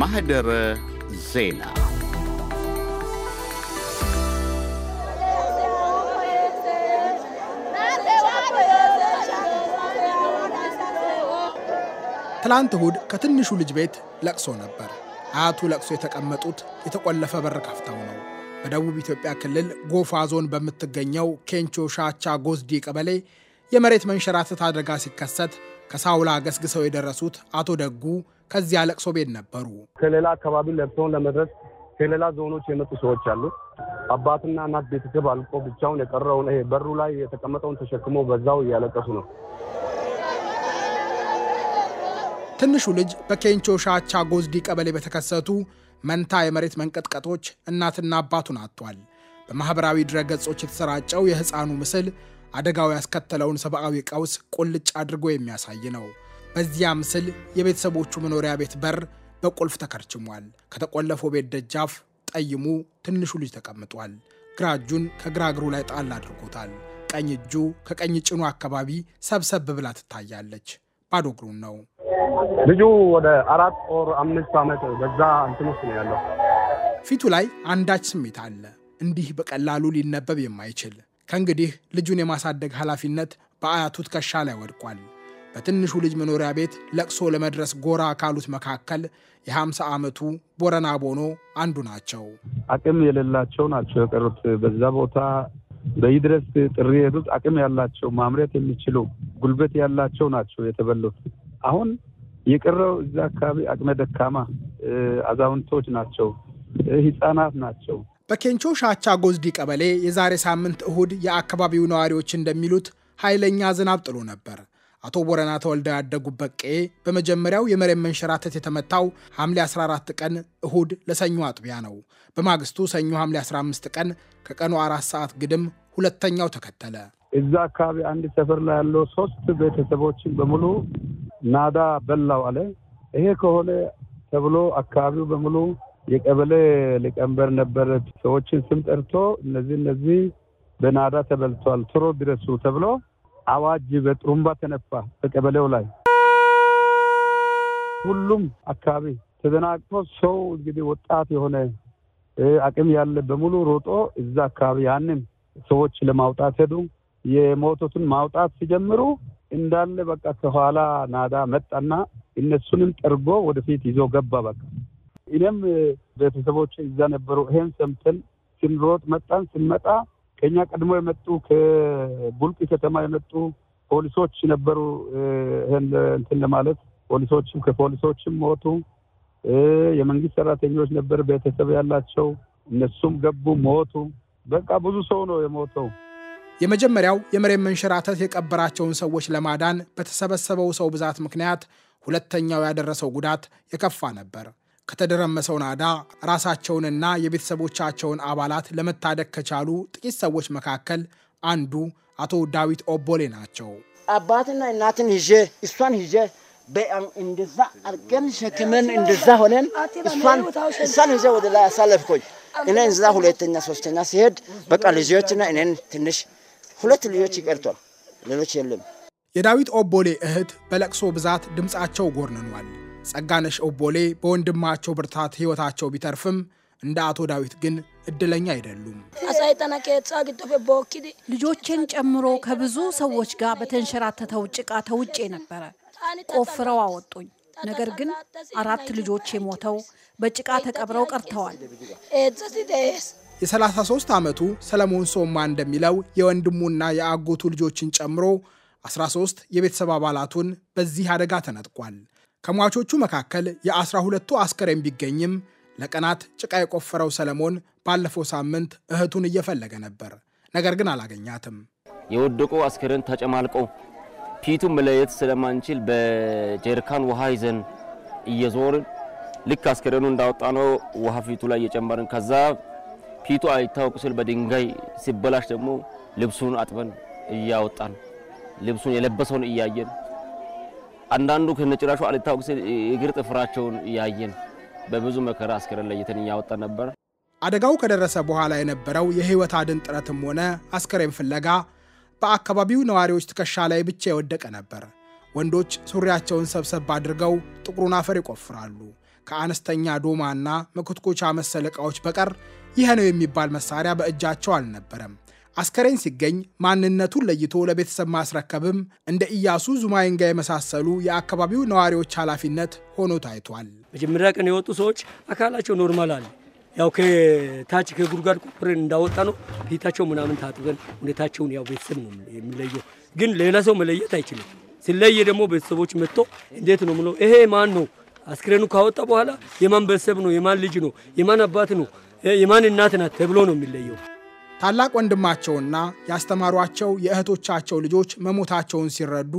ማህደረ ዜና ትላንት እሁድ ከትንሹ ልጅ ቤት ለቅሶ ነበር። አያቱ ለቅሶ የተቀመጡት የተቆለፈ በር ከፍተው ነው። በደቡብ ኢትዮጵያ ክልል ጎፋ ዞን በምትገኘው ኬንቾ ሻቻ ጎዝዲ ቀበሌ የመሬት መንሸራተት አደጋ ሲከሰት ከሳውላ ገስግሰው የደረሱት አቶ ደጉ ከዚያ ለቅሶ ቤት ነበሩ። ከሌላ አካባቢ ለቅሶውን ለመድረስ ከሌላ ዞኖች የመጡ ሰዎች አሉ። አባትና እናት ቤተሰብ አልቆ ብቻውን የቀረውን በሩ ላይ የተቀመጠውን ተሸክሞ በዛው እያለቀሱ ነው። ትንሹ ልጅ በኬንቾ ሻቻ ጎዝዲ ቀበሌ በተከሰቱ መንታ የመሬት መንቀጥቀጦች እናትና አባቱን አጥቷል። በማኅበራዊ ድረገጾች የተሰራጨው የሕፃኑ ምስል አደጋው ያስከተለውን ሰብአዊ ቀውስ ቁልጭ አድርጎ የሚያሳይ ነው። በዚያ ምስል የቤተሰቦቹ መኖሪያ ቤት በር በቁልፍ ተከርችሟል። ከተቆለፈው ቤት ደጃፍ ጠይሙ ትንሹ ልጅ ተቀምጧል። ግራ እጁን ከግራ እግሩ ላይ ጣል አድርጎታል። ቀኝ እጁ ከቀኝ ጭኑ አካባቢ ሰብሰብ ብላ ትታያለች። ባዶ እግሩን ነው። ልጁ ወደ አራት ወር አምስት ዓመት በዛ እንትን ውስጥ ነው ያለው። ፊቱ ላይ አንዳች ስሜት አለ፣ እንዲህ በቀላሉ ሊነበብ የማይችል ከእንግዲህ ልጁን የማሳደግ ኃላፊነት በአያቱ ትከሻ ላይ ወድቋል። በትንሹ ልጅ መኖሪያ ቤት ለቅሶ ለመድረስ ጎራ ካሉት መካከል የ50 ዓመቱ ቦረና ቦኖ አንዱ ናቸው። አቅም የሌላቸው ናቸው የቀሩት በዛ ቦታ በይድረስ ጥሪ የሄዱት አቅም ያላቸው ማምረት የሚችሉ ጉልበት ያላቸው ናቸው የተበሉት። አሁን የቀረው እዚ አካባቢ አቅመ ደካማ አዛውንቶች ናቸው፣ ህፃናት ናቸው። በኬንቾ ሻቻ ጎዝዲ ቀበሌ የዛሬ ሳምንት እሁድ የአካባቢው ነዋሪዎች እንደሚሉት ኃይለኛ ዝናብ ጥሎ ነበር። አቶ ቦረና ተወልደው ያደጉበት ቀዬ በመጀመሪያው የመሬት መንሸራተት የተመታው ሐምሌ 14 ቀን እሁድ ለሰኞ አጥቢያ ነው። በማግስቱ ሰኞ ሐምሌ 15 ቀን ከቀኑ አራት ሰዓት ግድም ሁለተኛው ተከተለ። እዛ አካባቢ አንድ ሰፈር ላይ ያለው ሶስት ቤተሰቦችን በሙሉ ናዳ በላው አለ። ይሄ ከሆነ ተብሎ አካባቢው በሙሉ የቀበሌ ሊቀመንበር ነበረ። ሰዎችን ስም ጠርቶ እነዚህ እነዚህ በናዳ ተበልቷል ቶሎ ድረሱ ተብሎ አዋጅ በጥሩምባ ተነፋ። በቀበሌው ላይ ሁሉም አካባቢ ተደናቅቶ ሰው እንግዲህ ወጣት የሆነ አቅም ያለ በሙሉ ሮጦ እዛ አካባቢ ያንን ሰዎች ለማውጣት ሄዱ። የሞቶትን ማውጣት ሲጀምሩ እንዳለ በቃ ከኋላ ናዳ መጣና እነሱንም ጠርጎ ወደፊት ይዞ ገባ በቃ እኔም ቤተሰቦች እዛ ነበሩ። ይሄን ሰምተን ስንሮጥ መጣን። ስንመጣ ከኛ ቀድሞ የመጡ ከቡልቂ ከተማ የመጡ ፖሊሶች ነበሩ። ይህን እንትን ለማለት ፖሊሶችም ከፖሊሶችም ሞቱ። የመንግስት ሰራተኞች ነበር ቤተሰብ ያላቸው እነሱም ገቡ፣ ሞቱ። በቃ ብዙ ሰው ነው የሞተው። የመጀመሪያው የመሬት መንሸራተት የቀበራቸውን ሰዎች ለማዳን በተሰበሰበው ሰው ብዛት ምክንያት ሁለተኛው ያደረሰው ጉዳት የከፋ ነበር። ከተደረመሰው ናዳ ራሳቸውንና የቤተሰቦቻቸውን አባላት ለመታደግ ከቻሉ ጥቂት ሰዎች መካከል አንዱ አቶ ዳዊት ኦቦሌ ናቸው። አባትና እናትን ይዤ እሷን ይዤ እንደዛ አርገን ሸክመን እንደዛ ሆነን እሷን ይዤ ወደ ላይ አሳለፍኩኝ። እኔ እዛ ሁለተኛ ሶስተኛ ሲሄድ በቃ ልጆችና እኔን ትንሽ ሁለት ልጆች ይቀርቷል፣ ሌሎች የለም። የዳዊት ኦቦሌ እህት በለቅሶ ብዛት ድምፃቸው ጎርንኗል። ጸጋነሽ ኦቦሌ በወንድማቸው ብርታት ሕይወታቸው ቢተርፍም እንደ አቶ ዳዊት ግን እድለኛ አይደሉም። ልጆቼን ጨምሮ ከብዙ ሰዎች ጋር በተንሸራተተው ጭቃ ተውጬ ነበረ። ቆፍረው አወጡኝ። ነገር ግን አራት ልጆች የሞተው በጭቃ ተቀብረው ቀርተዋል። የ33 ዓመቱ ሰለሞን ሶማ እንደሚለው የወንድሙና የአጎቱ ልጆችን ጨምሮ 13 የቤተሰብ አባላቱን በዚህ አደጋ ተነጥቋል። ከሟቾቹ መካከል የአስራ ሁለቱ አስከሬን ቢገኝም ለቀናት ጭቃ የቆፈረው ሰለሞን ባለፈው ሳምንት እህቱን እየፈለገ ነበር። ነገር ግን አላገኛትም። የወደቁ አስከሬን ተጨማልቆ ፊቱን መለየት ስለማንችል በጀሪካን ውሃ ይዘን እየዞርን ልክ አስከሬኑ እንዳወጣ ነው ውሃ ፊቱ ላይ እየጨመርን ከዛ ፊቱ አይታወቅ ስል በድንጋይ ሲበላሽ ደግሞ ልብሱን አጥበን እያወጣን ልብሱን የለበሰውን እያየን አንዳንዱ ከነጭራሹ አልታ ወቅስ እግር ጥፍራቸውን እያየን በብዙ መከራ አስከሬን ለይተን እያወጣ ነበር። አደጋው ከደረሰ በኋላ የነበረው የህይወት አድን ጥረትም ሆነ አስከሬን ፍለጋ በአካባቢው ነዋሪዎች ትከሻ ላይ ብቻ የወደቀ ነበር። ወንዶች ሱሪያቸውን ሰብሰብ አድርገው ጥቁሩን አፈር ይቆፍራሉ። ከአነስተኛ ዶማና መኮትኮቻ መሰል ዕቃዎች በቀር ይህ ነው የሚባል መሳሪያ በእጃቸው አልነበረም። አስከሬን ሲገኝ ማንነቱን ለይቶ ለቤተሰብ ማስረከብም እንደ ኢያሱ ዙማይንጋ የመሳሰሉ የአካባቢው ነዋሪዎች ኃላፊነት ሆኖ ታይቷል። መጀመሪያ ቀን የወጡ ሰዎች አካላቸው ኖርማል አለ። ያው ከታች ከጉድጓድ ቆፍረን እንዳወጣ ነው። ፊታቸው ምናምን ታጥበን ሁኔታቸውን ያው ቤተሰብ ነው የሚለየው፣ ግን ሌላ ሰው መለየት አይችልም። ሲለየ ደግሞ ቤተሰቦች መጥቶ እንዴት ነው ምለው፣ ይሄ ማን ነው? አስክሬኑ ካወጣ በኋላ የማን ቤተሰብ ነው? የማን ልጅ ነው? የማን አባት ነው? የማን እናት ናት ተብሎ ነው የሚለየው። ታላቅ ወንድማቸውና ያስተማሯቸው የእህቶቻቸው ልጆች መሞታቸውን ሲረዱ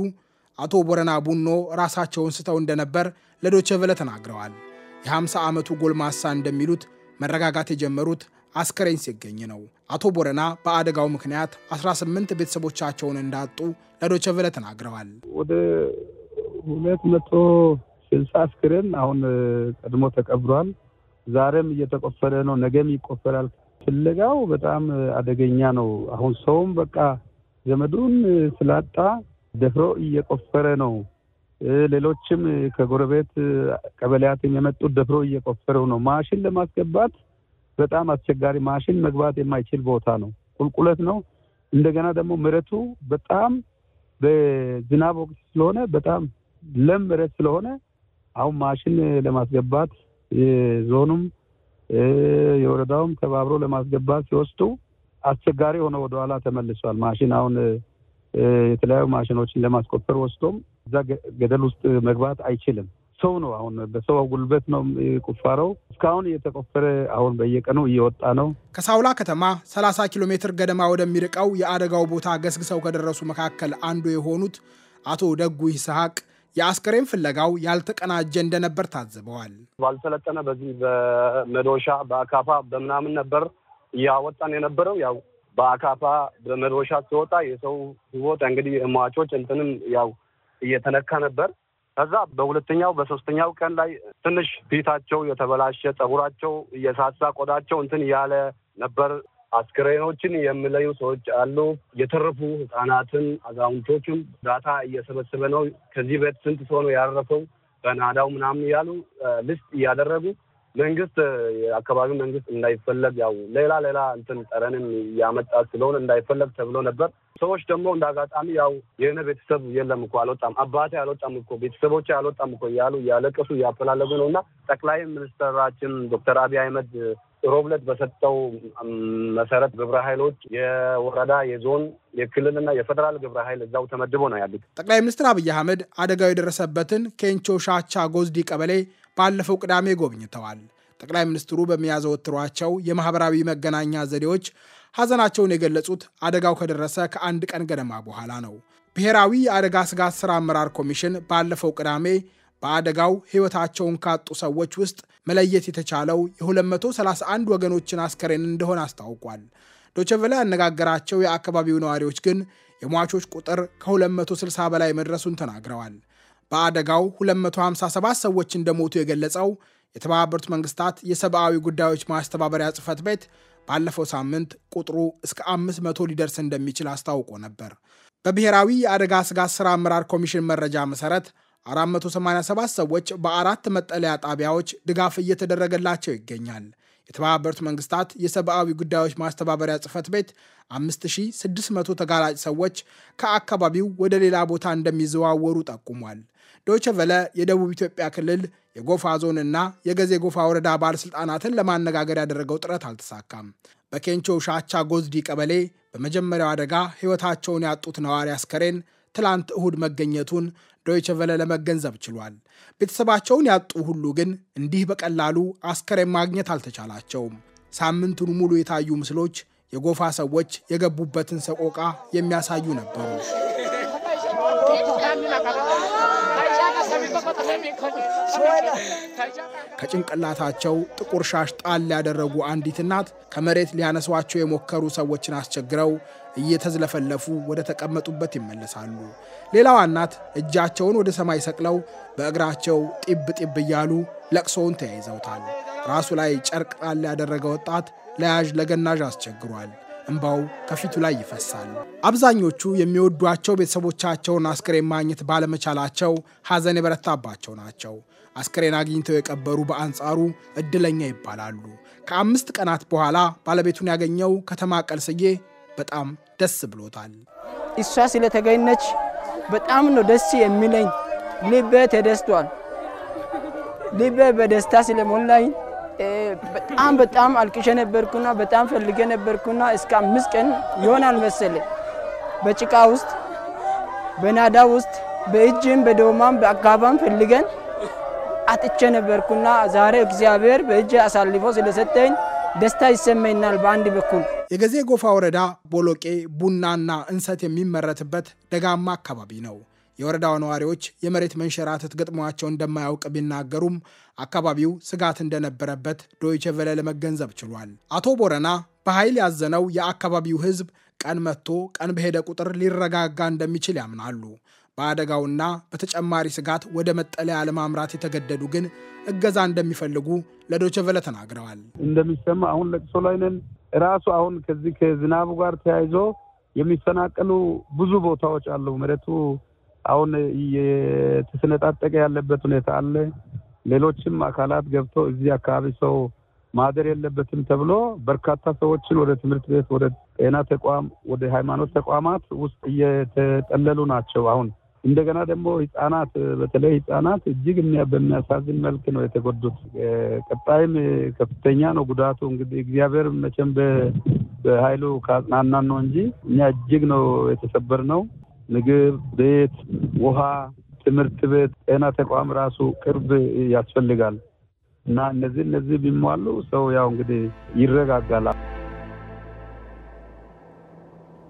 አቶ ቦረና ቡኖ ራሳቸውን ስተው እንደነበር ለዶቸቨለ ተናግረዋል። የ50 ዓመቱ ጎልማሳ እንደሚሉት መረጋጋት የጀመሩት አስከሬን ሲገኝ ነው። አቶ ቦረና በአደጋው ምክንያት 18 ቤተሰቦቻቸውን እንዳጡ ለዶቸቨለ ተናግረዋል። ወደ 260 መቶ አስክሬን አሁን ቀድሞ ተቀብሯል። ዛሬም እየተቆፈረ ነው፣ ነገም ይቆፈራል። ፍለጋው በጣም አደገኛ ነው። አሁን ሰውም በቃ ዘመዱን ስላጣ ደፍሮ እየቆፈረ ነው። ሌሎችም ከጎረቤት ቀበሌያትም የመጡት ደፍሮ እየቆፈረው ነው። ማሽን ለማስገባት በጣም አስቸጋሪ፣ ማሽን መግባት የማይችል ቦታ ነው። ቁልቁለት ነው። እንደገና ደግሞ መሬቱ በጣም በዝናብ ወቅት ስለሆነ በጣም ለም መሬት ስለሆነ አሁን ማሽን ለማስገባት ዞኑም የወረዳውም ተባብሮ ለማስገባት ሲወስዱ አስቸጋሪ ሆነ ወደኋላ ተመልሷል። ማሽን አሁን የተለያዩ ማሽኖችን ለማስቆፈር ወስዶም እዛ ገደል ውስጥ መግባት አይችልም። ሰው ነው አሁን በሰው ጉልበት ነው ቁፋረው እስካሁን እየተቆፈረ አሁን በየቀኑ እየወጣ ነው። ከሳውላ ከተማ 30 ኪሎ ሜትር ገደማ ወደሚርቀው የአደጋው ቦታ ገስግሰው ከደረሱ መካከል አንዱ የሆኑት አቶ ደጉ ይስሐቅ የአስከሬን ፍለጋው ያልተቀናጀ እንደነበር ታዝበዋል። ባልሰለጠነ በዚህ በመዶሻ በአካፋ በምናምን ነበር እያወጣን የነበረው ያው በአካፋ በመዶሻ ሲወጣ የሰው ሕይወት እንግዲህ እሟቾች እንትንም ያው እየተነካ ነበር። ከዛ በሁለተኛው በሶስተኛው ቀን ላይ ትንሽ ፊታቸው የተበላሸ ጸጉራቸው እየሳሳ ቆዳቸው እንትን ያለ ነበር። አስክሬኖችን የሚለዩ ሰዎች አሉ። የተረፉ ህጻናትን፣ አዛውንቶችን ዳታ እየሰበሰበ ነው። ከዚህ ቤት ስንት ሰው ነው ያረፈው በናዳው ምናምን እያሉ ልስት እያደረጉ መንግስት የአካባቢው መንግስት እንዳይፈለግ ያው ሌላ ሌላ እንትን ጠረንን እያመጣ ስለሆነ እንዳይፈለግ ተብሎ ነበር። ሰዎች ደግሞ እንደ አጋጣሚ ያው የሆነ ቤተሰብ የለም እኮ አልወጣም፣ አባቴ አልወጣም እኮ ቤተሰቦች አልወጣም እኮ እያሉ እያለቀሱ እያፈላለጉ ነው እና ጠቅላይ ሚኒስትራችን ዶክተር አብይ አህመድ ሮብለት በሰጠው መሰረት ግብረ ኃይሎች የወረዳ፣ የዞን፣ የክልልና የፌዴራል ግብረ ኃይል እዛው ተመድቦ ነው ያሉት ጠቅላይ ሚኒስትር አብይ አህመድ አደጋው የደረሰበትን ኬንቾ ሻቻ ጎዝዲ ቀበሌ ባለፈው ቅዳሜ ጎብኝተዋል። ጠቅላይ ሚኒስትሩ በሚያዘወትሯቸው የማህበራዊ መገናኛ ዘዴዎች ሐዘናቸውን የገለጹት አደጋው ከደረሰ ከአንድ ቀን ገደማ በኋላ ነው። ብሔራዊ የአደጋ ስጋት ሥራ አመራር ኮሚሽን ባለፈው ቅዳሜ በአደጋው ሕይወታቸውን ካጡ ሰዎች ውስጥ መለየት የተቻለው የ231 ወገኖችን አስከሬን እንደሆነ አስታውቋል። ዶቸቨላ ያነጋገራቸው የአካባቢው ነዋሪዎች ግን የሟቾች ቁጥር ከ260 በላይ መድረሱን ተናግረዋል። በአደጋው 257 ሰዎች እንደሞቱ የገለጸው የተባበሩት መንግስታት የሰብአዊ ጉዳዮች ማስተባበሪያ ጽህፈት ቤት ባለፈው ሳምንት ቁጥሩ እስከ 500 ሊደርስ እንደሚችል አስታውቆ ነበር። በብሔራዊ የአደጋ ስጋት ሥራ አመራር ኮሚሽን መረጃ መሠረት 487 ሰዎች በአራት መጠለያ ጣቢያዎች ድጋፍ እየተደረገላቸው ይገኛል። የተባበሩት መንግስታት የሰብአዊ ጉዳዮች ማስተባበሪያ ጽሕፈት ቤት 5600 ተጋላጭ ሰዎች ከአካባቢው ወደ ሌላ ቦታ እንደሚዘዋወሩ ጠቁሟል። ዶይቸ ቨለ የደቡብ ኢትዮጵያ ክልል የጎፋ ዞን እና የገዜ ጎፋ ወረዳ ባለሥልጣናትን ለማነጋገር ያደረገው ጥረት አልተሳካም። በኬንቾ ሻቻ ጎዝዲ ቀበሌ በመጀመሪያው አደጋ ሕይወታቸውን ያጡት ነዋሪ አስከሬን ትላንት እሁድ መገኘቱን ዶይቸ ቨለ ለመገንዘብ ችሏል። ቤተሰባቸውን ያጡ ሁሉ ግን እንዲህ በቀላሉ አስከሬን ማግኘት አልተቻላቸውም። ሳምንቱን ሙሉ የታዩ ምስሎች የጎፋ ሰዎች የገቡበትን ሰቆቃ የሚያሳዩ ነበሩ። ከጭንቅላታቸው ጥቁር ሻሽ ጣል ያደረጉ አንዲት እናት ከመሬት ሊያነሷቸው የሞከሩ ሰዎችን አስቸግረው እየተዝለፈለፉ ወደ ተቀመጡበት ይመለሳሉ። ሌላዋ እናት እጃቸውን ወደ ሰማይ ሰቅለው በእግራቸው ጢብ ጢብ እያሉ ለቅሶውን ተያይዘውታል። ራሱ ላይ ጨርቅ ጣል ያደረገ ወጣት ለያዥ ለገናዥ አስቸግሯል። እምባው ከፊቱ ላይ ይፈሳል። አብዛኞቹ የሚወዷቸው ቤተሰቦቻቸውን አስክሬን ማግኘት ባለመቻላቸው ሐዘን የበረታባቸው ናቸው። አስክሬን አግኝተው የቀበሩ በአንጻሩ እድለኛ ይባላሉ። ከአምስት ቀናት በኋላ ባለቤቱን ያገኘው ከተማ ቀልስዬ በጣም ደስ ብሎታል። እሷ ስለተገኘች በጣም ነው ደስ የሚለኝ። ልቤ ተደስቷል። ልቤ በደስታ ስለሞላኝ በጣም በጣም አልቅሸ ነበርኩና በጣም ፈልገ ነበርኩና እስከ አምስት ቀን ይሆናል መሰለ በጭቃ ውስጥ በናዳ ውስጥ በእጅም በዶማም በአካባም ፈልገን አጥቼ ነበርኩና ዛሬ እግዚአብሔር በእጅ አሳልፎ ስለሰጠኝ ደስታ ይሰማኛል በአንድ በኩል የገዜ ጎፋ ወረዳ ቦሎቄ ቡናና እንሰት የሚመረትበት ደጋማ አካባቢ ነው። የወረዳው ነዋሪዎች የመሬት መንሸራተት ገጥሟቸው እንደማያውቅ ቢናገሩም አካባቢው ስጋት እንደነበረበት ዶይቼ ቬለ ለመገንዘብ ችሏል። አቶ ቦረና በኃይል ያዘነው የአካባቢው ሕዝብ ቀን መጥቶ ቀን በሄደ ቁጥር ሊረጋጋ እንደሚችል ያምናሉ። በአደጋውና በተጨማሪ ስጋት ወደ መጠለያ ለማምራት የተገደዱ ግን እገዛ እንደሚፈልጉ ለዶቸቨለ ተናግረዋል። እንደሚሰማ አሁን ለቅሶ ላይ ነን። ራሱ አሁን ከዚህ ከዝናቡ ጋር ተያይዞ የሚፈናቀሉ ብዙ ቦታዎች አሉ። መሬቱ አሁን የተሰነጣጠቀ ያለበት ሁኔታ አለ። ሌሎችም አካላት ገብቶ እዚህ አካባቢ ሰው ማደር የለበትም ተብሎ በርካታ ሰዎችን ወደ ትምህርት ቤት፣ ወደ ጤና ተቋም፣ ወደ ሃይማኖት ተቋማት ውስጥ እየተጠለሉ ናቸው አሁን እንደገና ደግሞ ህጻናት በተለይ ህጻናት እጅግ በሚያሳዝን መልክ ነው የተጎዱት። ቀጣይም ከፍተኛ ነው ጉዳቱ። እንግዲህ እግዚአብሔር መቼም በኃይሉ ከአጽናናን ነው እንጂ እኛ እጅግ ነው የተሰበር ነው። ምግብ፣ ቤት፣ ውሃ፣ ትምህርት ቤት፣ ጤና ተቋም ራሱ ቅርብ ያስፈልጋል እና እነዚህ እነዚህ ቢሟሉ ሰው ያው እንግዲህ ይረጋጋል።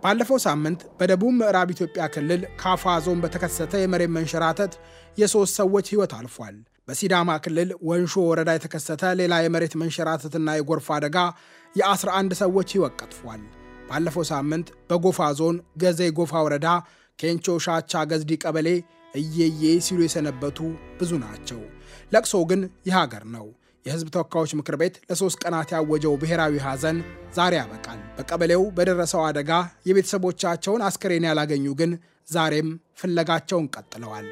ባለፈው ሳምንት በደቡብ ምዕራብ ኢትዮጵያ ክልል ካፋ ዞን በተከሰተ የመሬት መንሸራተት የሶስት ሰዎች ሕይወት አልፏል። በሲዳማ ክልል ወንሾ ወረዳ የተከሰተ ሌላ የመሬት መንሸራተትና የጎርፍ አደጋ የ11 ሰዎች ሕይወት ቀጥፏል። ባለፈው ሳምንት በጎፋ ዞን ገዜ ጎፋ ወረዳ ኬንቾ ሻቻ ገዝዲ ቀበሌ እየዬ ሲሉ የሰነበቱ ብዙ ናቸው። ለቅሶ ግን የሀገር ነው። የህዝብ ተወካዮች ምክር ቤት ለሶስት ቀናት ያወጀው ብሔራዊ ሐዘን ዛሬ ያበቃል። በቀበሌው በደረሰው አደጋ የቤተሰቦቻቸውን አስከሬን ያላገኙ ግን ዛሬም ፍለጋቸውን ቀጥለዋል።